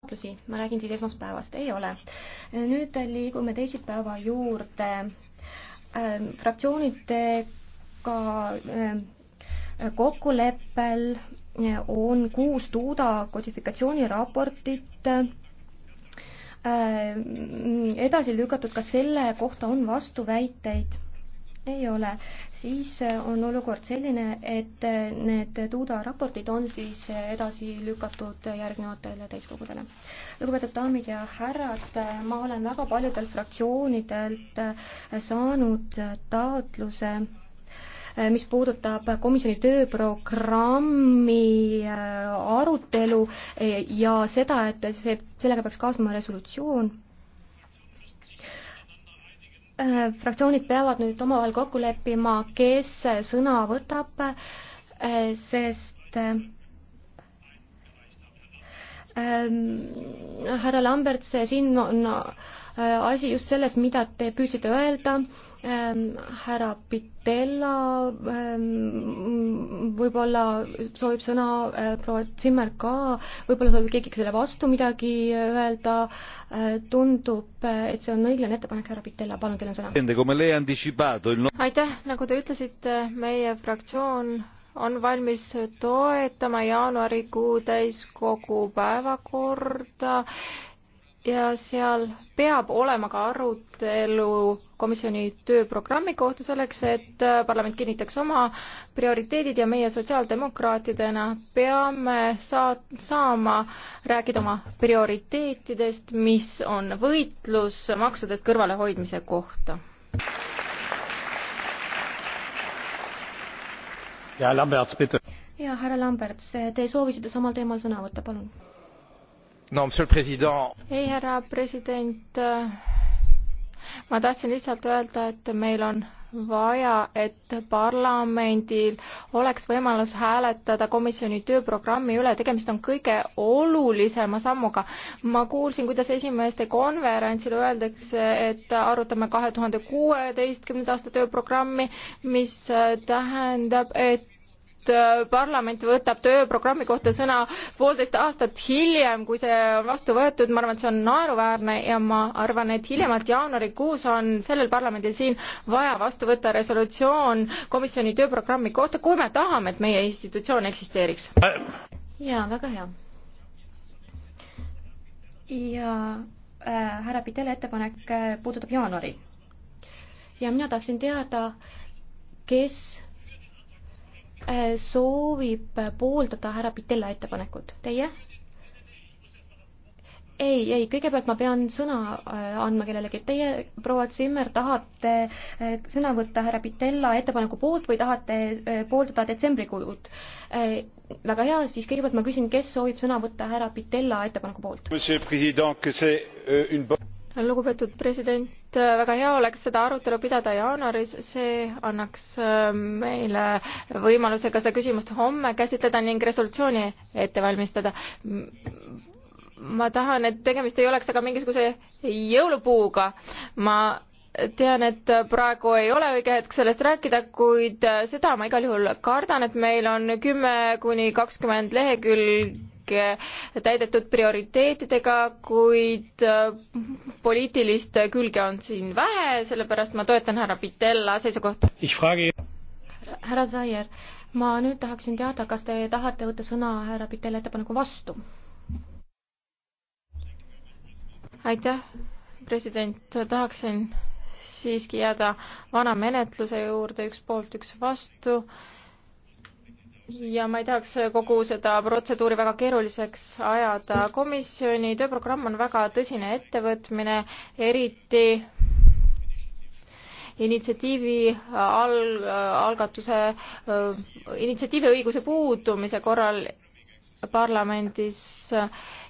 taotlusi, ma räägin siis esmaspäevast, ei ole. nüüd liigume teisipäeva juurde ähm, fraktsioonidega ähm, kokkuleppel äh, on kuus Tuuda kodifikatsiooniraportit ähm, edasi lükatud, kas selle kohta on vastuväiteid? ei ole, siis äh, on olukord selline, et äh, need Duda raportid on siis äh, edasi lükatud järgnevatele täiskogudele. lugupeetud daamid ja härrad, ma olen väga paljudelt fraktsioonidelt saanud taotluse mis puudutab komisjoni tööprogrammi arutelu ja seda, et see, sellega peaks kaasnema resolutsioon Äh, fraktsioonid peavad nüüd omavahel kokku leppima, kes sõna võtab, äh, sest äh, Ähm, härra Lamberts, siin on äh, asi just selles, mida te püüdsite öelda ähm, härra Pitella ähm, võib-olla soovib sõna, äh, proua Zimmer ka, võib-olla soovib keegi selle vastu midagi öelda, äh, tundub, et see on õiglane ettepanek, härra Pitella, palun, teil on sõna. aitäh, nagu te ütlesite, meie fraktsioon on valmis toetama jaanuarikuu täiskogu päevakorda ja seal peab olema ka arutelu komisjoni tööprogrammi kohta selleks, et parlament kinnitaks oma prioriteedid ja meie sotsiaaldemokraatidena peame saa-, saama rääkida oma prioriteetidest, mis on võitlus maksudest kõrvalehoidmise kohta. ja Lamberts, bitte. ja härra Lamberts, te soovisite samal teemal sõna võtta, palun. no, ei, härra president, ma tahtsin lihtsalt öelda, et meil on vaja, et parlamendil oleks võimalus hääletada komisjoni tööprogrammi üle, tegemist on kõige olulisema sammuga. ma kuulsin, kuidas esimeeste konverentsil öeldakse, et arutame kahe tuhande kuueteistkümnenda aasta tööprogrammi, mis tähendab, et et äh, parlament võtab tööprogrammi kohta sõna poolteist aastat hiljem, kui see on vastu võetud, ma arvan, et see on naeruväärne ja ma arvan, et hiljemalt jaanuarikuus on sellel parlamendil siin vaja vastu võtta resolutsioon komisjoni tööprogrammi kohta, kui me tahame, et meie institutsioon eksisteeriks. jaa, väga hea. ja äh, härra Pidele ettepanek äh, puudutab jaanuari. ja mina tahaksin teada, kes Äh, soovib pooldada härra Pitella ettepanekut. Teie? ei, ei, kõigepealt ma pean sõna äh, andma kellelegi. Teie, proua Zimmer, tahate äh, sõna võtta härra Pitella ettepaneku poolt või tahate pooldada detsembrikuud? väga hea, siis kõigepealt ma küsin, kes soovib sõna võtta härra Pitella ettepaneku poolt? lugupeetud president, väga hea oleks seda arutelu pidada jaanuaris, see annaks äh, meile võimaluse ka seda küsimust homme käsitleda ning resolutsiooni ette valmistada. ma tahan, et tegemist ei oleks aga mingisuguse jõulupuuga. ma tean, et praegu ei ole õige hetk sellest rääkida, kuid seda ma igal juhul kardan, et meil on kümme kuni kakskümmend lehekülge Äh, täidetud prioriteetidega, kuid äh, poliitilist külge on siin vähe, sellepärast ma toetan härra Pitella seisukohta. härra Zaier, ma nüüd tahaksin teada, kas te tahate võtta sõna härra Pitella ettepaneku vastu? aitäh, president, tahaksin siiski jääda vana menetluse juurde, üks poolt, üks vastu ja ma ei tahaks kogu seda protseduuri väga keeruliseks ajada. komisjoni tööprogramm on väga tõsine ettevõtmine, eriti initsiatiivi al-, algatuse, initsiatiiviõiguse puudumise korral parlamendis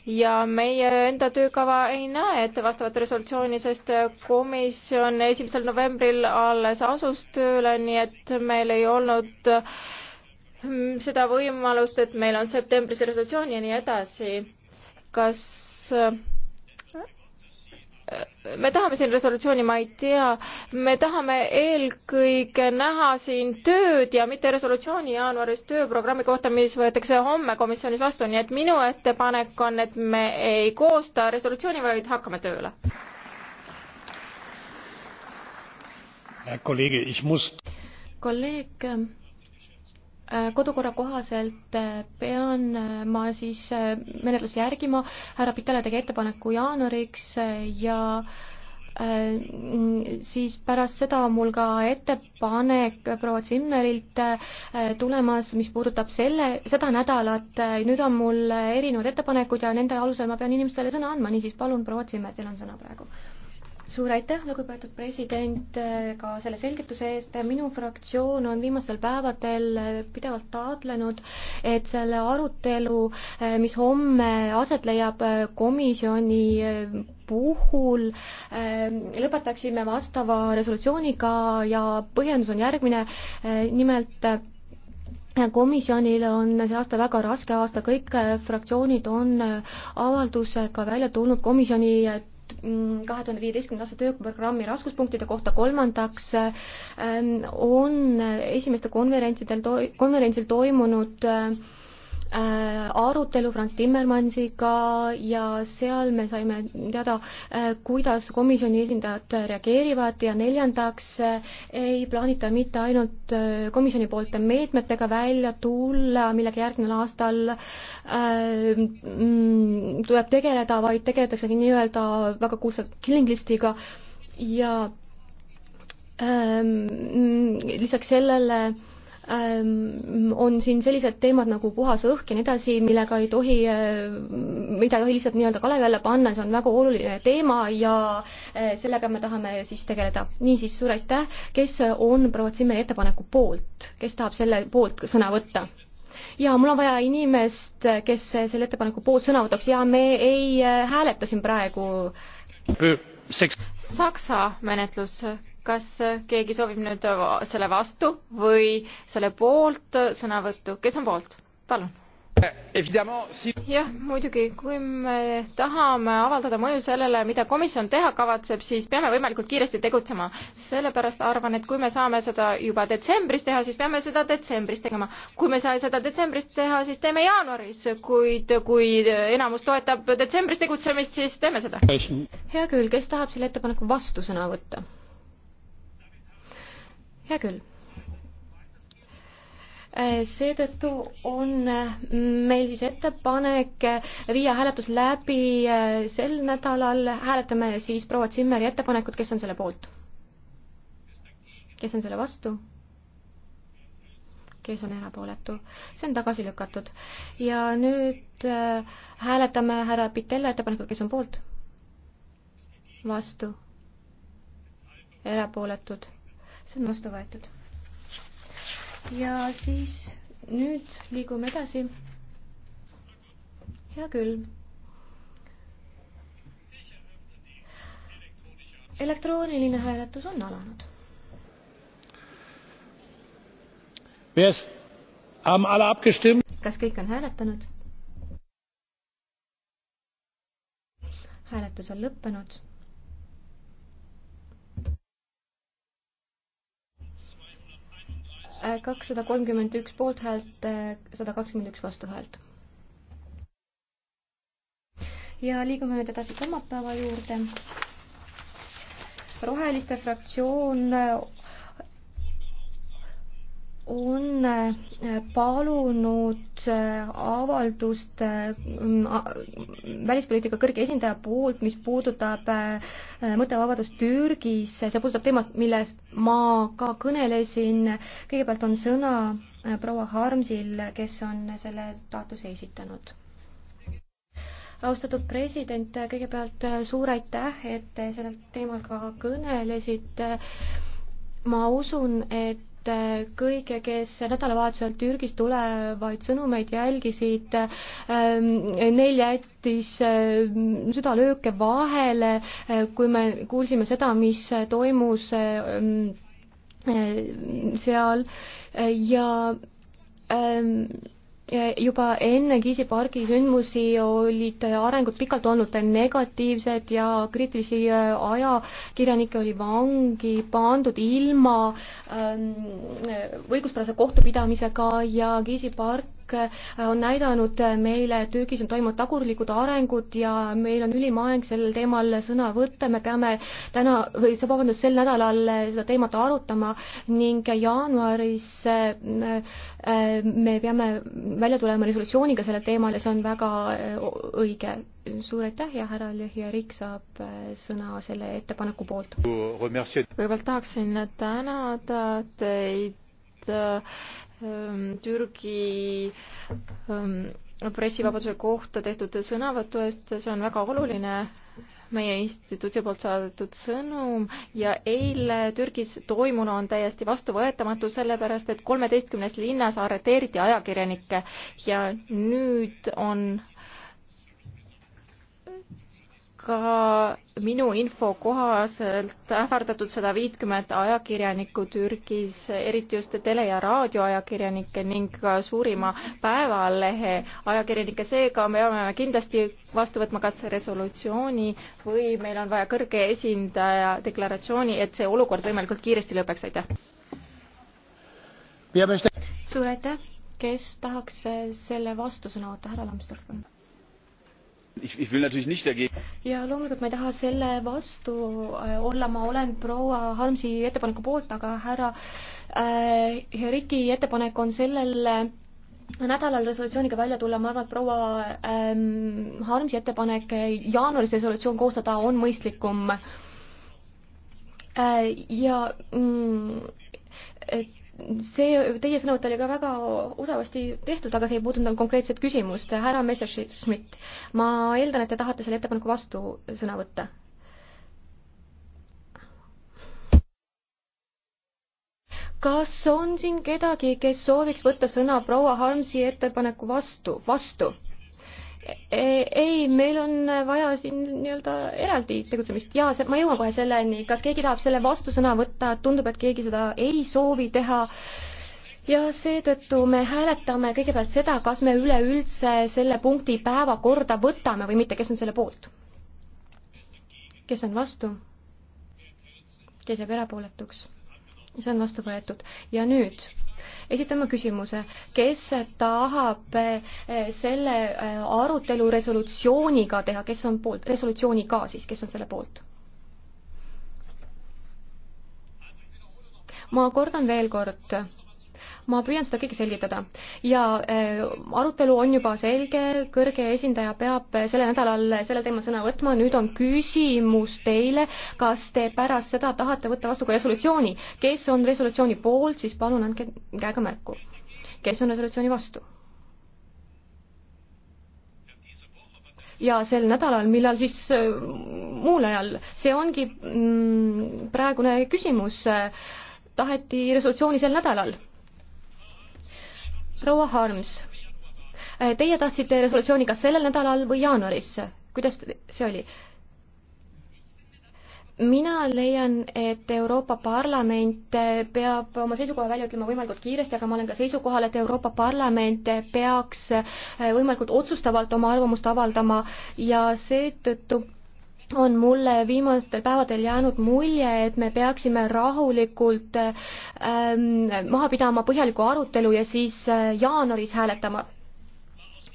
ja meie enda töökava ei näe ette vastavat resolutsiooni, sest komisjon esimesel novembril alles asus tööle, nii et meil ei olnud äh, Hmm, seda võimalust, et meil on septembris resolutsioon ja nii edasi. kas äh, me tahame siin resolutsiooni, ma ei tea, me tahame eelkõige näha siin tööd ja mitte resolutsiooni jaanuaris tööprogrammi kohta, mis võetakse homme komisjonis vastu, nii et minu ettepanek on, et me ei koosta resolutsiooni, vaid hakkame tööle. kolleeg, Äh, kodukorra kohaselt äh, pean äh, ma siis menetlusi järgima, härra Pitale tegi ettepaneku jaanuariks ja siis pärast seda on mul ka ettepanek proua Zimmerilt tulemas, mis puudutab selle, seda nädalat. nüüd on mul erinevad ettepanekud ja nende alusel ma pean inimestele sõna andma, niisiis palun, proua Zimmer, teil on sõna praegu suur aitäh, lugupeetud president, ka selle selgituse eest. minu fraktsioon on viimastel päevadel pidevalt taotlenud, et selle arutelu, mis homme aset leiab komisjoni puhul lõpetaksime vastava resolutsiooniga ja põhjendus on järgmine, nimelt komisjonil on see aasta väga raske aasta, kõik fraktsioonid on avaldusega välja tulnud komisjoni kahe tuhande viieteistkümnenda aasta tööprogrammi raskuspunktide kohta, kolmandaks ähm, on esimestel konverentsidel, konverentsil toimunud äh, Äh, arutelu Franz Timmermansiga ja seal me saime teada, äh, kuidas komisjoni esindajad reageerivad ja neljandaks äh, ei plaanita mitte ainult komisjoni poolt meetmetega välja tulla, millega järgneval aastal mm, tuleb tegeleda, vaid tegeletakse nii-öelda väga kuulsa killing list'iga ja ähm, mm, lisaks sellele Ähm, on siin sellised teemad nagu puhas õhk ja nii edasi, millega ei tohi, äh, mida ei tohi lihtsalt nii-öelda kalevi alla panna, see on väga oluline teema ja äh, sellega me tahame siis tegeleda. niisiis, suur aitäh, kes on proua Zimmeri ettepaneku poolt, kes tahab selle poolt sõna võtta? ja mul on vaja inimest, kes selle ettepaneku poolt sõna võtaks ja me ei äh, hääleta siin praegu Saksa menetlus kas keegi soovib nüüd selle vastu või selle poolt sõnavõttu, kes on poolt, palun? jah, muidugi, kui me tahame avaldada mõju sellele, mida komisjon teha kavatseb, siis peame võimalikult kiiresti tegutsema. sellepärast arvan, et kui me saame seda juba detsembris teha, siis peame seda detsembris tegema. kui me ei saa seda detsembris teha, siis teeme jaanuaris, kuid kui enamus toetab detsembris tegutsemist, siis teeme seda. hea küll, kes tahab selle ettepaneku vastusõna võtta? hea küll. Äh, seetõttu on äh, meil siis ettepanek äh, viia hääletus läbi sel nädalal, hääletame siis proua Zimmeri ettepanekut, kes on selle poolt? kes on selle vastu? kes on erapooletu, see on tagasi lükatud. ja nüüd äh, hääletame härra Pitella ettepanekut, kes on poolt? vastu? erapooletud see on vastu võetud. ja siis nüüd liigume edasi. hea küll. elektrooniline hääletus on alanud. kas kõik on hääletanud? hääletus on lõppenud kakssada kolmkümmend üks poolthäält, sada kakskümmend üks vastuhäält. ja liigume nüüd edasi kolmapäeva juurde. roheliste fraktsioon on äh, palunud äh, avaldust äh, välispoliitika kõrge esindaja poolt, mis puudutab mõttevabadust Türgis, see puudutab teemat, millest ma ka kõnelesin. kõigepealt on sõna proua Harmsil, kes on selle taotluse esitanud. austatud president, kõigepealt suur aitäh, et te sellel teemal ka kõnelesite ma usun, et äh, kõik, kes nädalavahetusel Türgist tulevaid sõnumeid jälgisid, ähm, neil jättis äh, süda lööke vahele, äh, kui me kuulsime seda, mis toimus ähm, seal ja ähm, juba enne Kiisi pargi sündmusi olid arengud pikalt olnud negatiivsed ja kriitilisi äh, ajakirjanikke oli vangi pandud ilma ähm, õiguspärase kohtupidamisega ja Gizi park äh, on näidanud meile, et Türgis on toimunud tagurlikud arengud ja meil on ülim aeg sellel teemal sõna võtta, me peame täna või vabandust, sel nädalal äh, seda teemat arutama ning jaanuaris äh, me peame välja tulema resolutsiooniga sellel teemal ja see on väga õige. suur aitäh ja härra Lehja Rikk saab sõna selle ettepaneku poolt. kõigepealt tahaksin tänada teid Äh, ähm, Türgi ähm, pressivabaduse kohta tehtud sõnavõtu eest, see on väga oluline meie instituudi poolt saadetud sõnum ja eile Türgis toimunu on täiesti vastuvõetamatu, sellepärast et kolmeteistkümnes linnas arreteeriti ajakirjanikke ja nüüd on äh, ka minu info kohaselt ähvardatud sada viitkümmet ajakirjanikku Türgis, eriti just tele- ja raadioajakirjanikke ning ka suurima päevalehe ajakirjanikke, seega me peame kindlasti vastu võtma kas resolutsiooni või meil on vaja kõrge esindaja deklaratsiooni, et see olukord võimalikult kiiresti lõpeks, aitäh! suur aitäh! kes tahaks selle vastusõna oota, härra Lamstorp? ja loomulikult ma ei taha selle vastu äh, olla, ma olen proua Harmsi ettepaneku poolt, aga härra äh, Riki ettepanek on sellel nädalal resolutsiooniga välja tulla, ma arvan, et proua ähm, Harmsi ettepanek äh, jaanuaris resolutsioon koostada on mõistlikum äh,. ja mm, et see, teie sõnavõtt oli ka väga osavasti tehtud, aga see ei puudutanud konkreetset küsimust. härra Messerschmidt, ma eeldan, et te tahate selle ettepaneku vastu sõna võtta? kas on siin kedagi, kes sooviks võtta sõna proua Harmsi ettepaneku vastu, vastu? ei, meil on vaja siin nii-öelda eraldi tegutsemist ja see, ma jõuan kohe selleni, kas keegi tahab selle vastusõna võtta, tundub, et keegi seda ei soovi teha ja seetõttu me hääletame kõigepealt seda, kas me üleüldse selle punkti päevakorda võtame või mitte, kes on selle poolt? kes on vastu? kes jääb erapooletuks? see on vastu võetud ja nüüd esitame küsimuse, kes tahab eh, selle eh, arutelu resolutsiooniga teha, kes on poolt, resolutsiooniga siis, kes on selle poolt? ma kordan veel kord ma püüan seda kõike selgitada. ja äh, arutelu on juba selge, kõrge esindaja peab äh, sellel nädalal äh, sellel teemal sõna võtma, nüüd on küsimus teile, kas te pärast seda tahate võtta vastu ka resolutsiooni. kes on resolutsiooni poolt, siis palun andke käega märku. kes on resolutsiooni vastu? ja sel nädalal, millal siis muul ajal, see ongi mm, praegune küsimus taheti resolutsiooni sel nädalal proua Harms, äh, teie tahtsite resolutsiooni kas sellel nädalal või jaanuaris, kuidas see oli? mina leian, et Euroopa Parlament äh, peab oma seisukoha välja ütlema võimalikult kiiresti, aga ma olen ka seisukohal, et Euroopa Parlament peaks äh, võimalikult otsustavalt oma arvamust avaldama ja seetõttu on mulle viimastel päevadel jäänud mulje, et me peaksime rahulikult ähm, maha pidama põhjaliku arutelu ja siis äh, jaanuaris hääletama.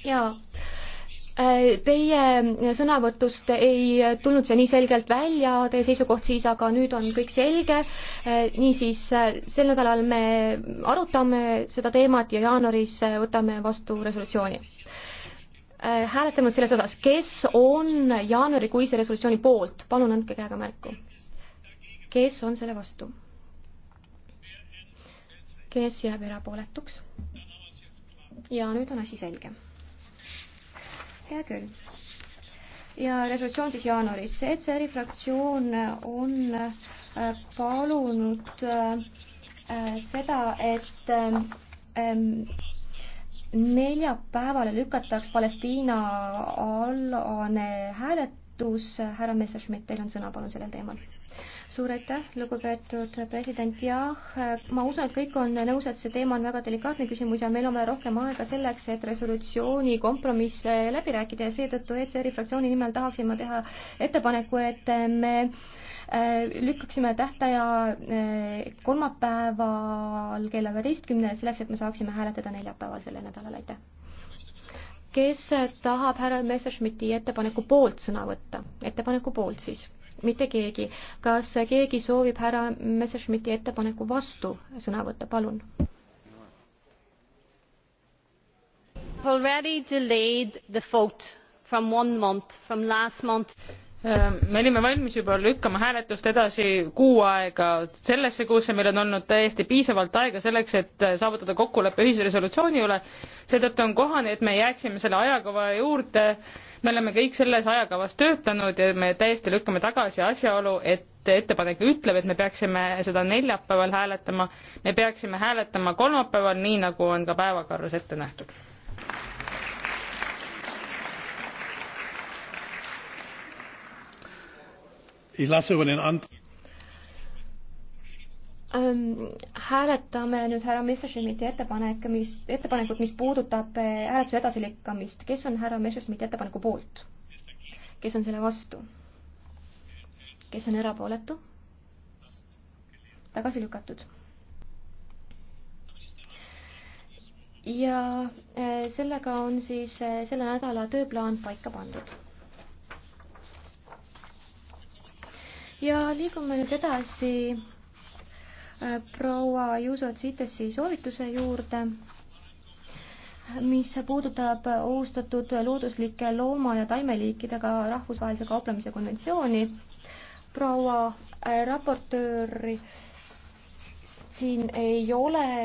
jaa äh, Teie sõnavõtust ei tulnud see nii selgelt välja, teie seisukoht siis, aga nüüd on kõik selge. Äh, niisiis, äh, sel nädalal me arutame seda teemat ja jaanuaris võtame vastu resolutsiooni. Äh, hääletanud selles osas, kes on jaanuarikuise resolutsiooni poolt, palun andke käega märku. kes on selle vastu? kes jääb erapooletuks? ja nüüd on asi selge. hea küll. ja resolutsioon siis jaanuaris. ECR-i fraktsioon on äh, palunud äh, seda, et ähm, neljapäevale lükataks Palestiina alane hääletus. härra Messerschmidt, teil on sõna, palun, sellel teemal. suur aitäh, lugupeetud president, jah, ma usun, et kõik on nõus, et see teema on väga delikaatne küsimus ja meil on vaja rohkem aega selleks, et resolutsiooni kompromiss läbi rääkida ja seetõttu ECR-i fraktsiooni nimel tahaksin ma teha ettepaneku, et me äh, Äh, lükkaksime tähtaja äh, kolmapäeval kella üheteistkümne, selleks et me saaksime hääletada neljapäeval sellel nädalal, aitäh. kes tahab härra Messerschmitti ettepaneku poolt sõna võtta? ettepaneku poolt siis, mitte keegi. kas keegi soovib härra Messerschmitti ettepaneku vastu sõna võtta, palun? already delayed the vote from one month from last month Äh, me olime valmis juba lükkama hääletust edasi kuu aega sellesse kuusse, meil on olnud täiesti piisavalt aega selleks, et äh, saavutada kokkulepe ühisresolutsiooni üle. seetõttu on kohane, et me jääksime selle ajakava juurde. me oleme kõik selles ajakavas töötanud ja me täiesti lükkame tagasi asjaolu, et ettepanek ütleb, et me peaksime seda neljapäeval hääletama. me peaksime hääletama kolmapäeval, nii nagu on ka päevakorras ette nähtud Ich lasse über den Antrag ähm, hääletame nüüd härra Messerschmidti ettepanek, mis, ettepanekut, mis puudutab äh, hääletuse edasilükkamist. kes on härra Messerschmidti ettepaneku poolt? kes on selle vastu? kes on erapooletu? tagasi lükatud. ja äh, sellega on siis äh, selle nädala tööplaan paika pandud ja liigume nüüd edasi äh, proua Juso Tsitesi soovituse juurde, mis puudutab ohustatud looduslike looma- ja taimeliikidega rahvusvahelise kauplemise konventsiooni. proua äh, raportööri siin ei ole.